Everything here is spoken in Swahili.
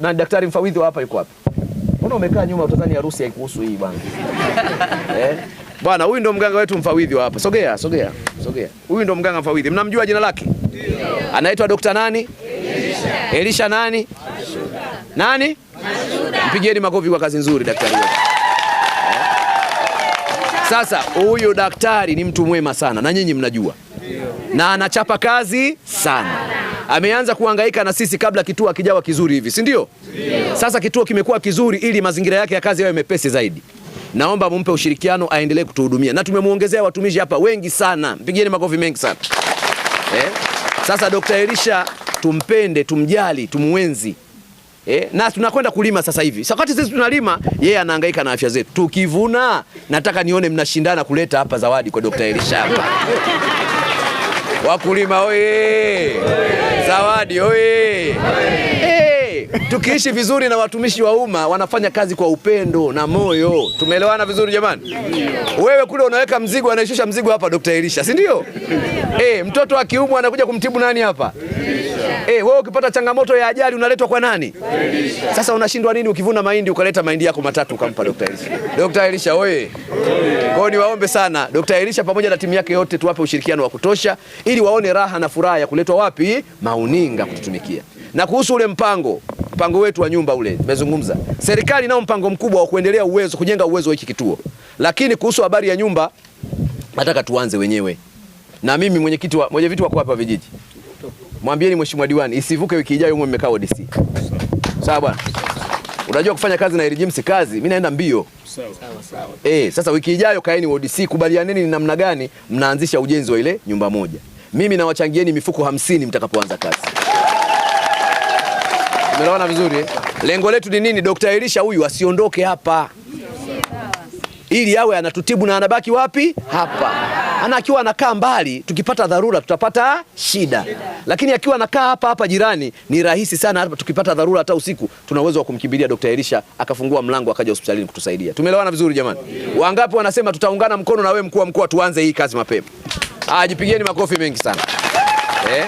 na daktari mfawidhi hapa yuko wapi? Mbona umekaa nyuma utadhani harusi haikuhusu hii bwana. Eh? Bwana huyu ndo mganga wetu mfawidhi hapa. Sogea, sogea, sogea. Huyu ndo mganga mfawidhi. Mnamjua jina lake? Ndio. Anaitwa Dr. nani? Elisha. Elisha nani? Mashuda. Nani? Mashuda. Mpigieni makofi kwa kazi nzuri daktari wetu. Eh? Sasa huyu daktari ni mtu mwema sana na nyinyi mnajua. Ndio. Na anachapa kazi sana ameanza kuhangaika na sisi kabla kituo akijawa kizuri hivi, si ndio? Sasa kituo kimekuwa kizuri ili mazingira yake ya kazi yawe mepesi zaidi. Naomba mumpe ushirikiano aendelee kutuhudumia, na tumemwongezea watumishi hapa wengi sana, mpigieni makofi mengi sana eh? Sasa Dkt. Elisha tumpende, tumjali, tumwenzi eh? na tunakwenda kulima sasa hivi. Wakati sisi tunalima, yeye yeah, anahangaika na afya zetu. Tukivuna nataka nione mnashindana kuleta hapa zawadi kwa Dr. Elisha hapa Wakulima oye! Zawadi oye! tukiishi vizuri na watumishi wa umma wanafanya kazi kwa upendo na moyo. Tumeelewana vizuri jamani? Wewe kule unaweka mzigo, anaishusha mzigo hapa Dr. Elisha, si ndio? E, mtoto akiumwa anakuja kumtibu nani hapa? E, wewe ukipata changamoto ya ajali unaletwa kwa nani? Sasa unashindwa nini ukivuna mahindi ukaleta mahindi yako matatu ukampa Dr. Elisha? Dr. Elisha oye! Kwa niwaombe sana Dr. Elisha pamoja na timu yake yote tuwape ushirikiano wa kutosha ili waone raha na furaha ya kuletwa wapi Mauninga kututumikia. Na kuhusu ule mpango mpango wetu wa nyumba ule nimezungumza. Serikali nao mpango mkubwa wa kuendelea uwezo kujenga uwezo wa hiki kituo, lakini kuhusu habari ya nyumba nataka tuanze wenyewe, na mimi mwenyekiti wa mwenye vitu wa kuwapa vijiji, mwambieni mheshimiwa diwani isivuke wiki ijayo huko mmekaa ODC. Sawa bwana, unajua kufanya kazi na elijimsi kazi, mimi naenda mbio. Sawa sawa. Eh, sasa wiki ijayo kaeni ODC, kubalianeni ni namna gani mnaanzisha ujenzi wa ile nyumba moja. Mimi nawachangieni mifuko hamsini mtakapoanza kazi umeona vizuri eh? Lengo letu ni nini? Dr. Elisha huyu asiondoke hapa ili awe anatutibu na anabaki wapi? Hapa. Ana akiwa anakaa mbali, tukipata dharura tutapata shida, lakini akiwa anakaa hapa hapa jirani ni rahisi sana. Hapa tukipata dharura, hata usiku tuna uwezo wa kumkimbilia Dr. Elisha akafungua mlango akaja hospitalini kutusaidia. Tumeelewana vizuri jamani? Wangapi wanasema tutaungana mkono na wewe mkuu wa mkoa, tuanze hii kazi mapema? ajipigieni ah, makofi mengi sana eh?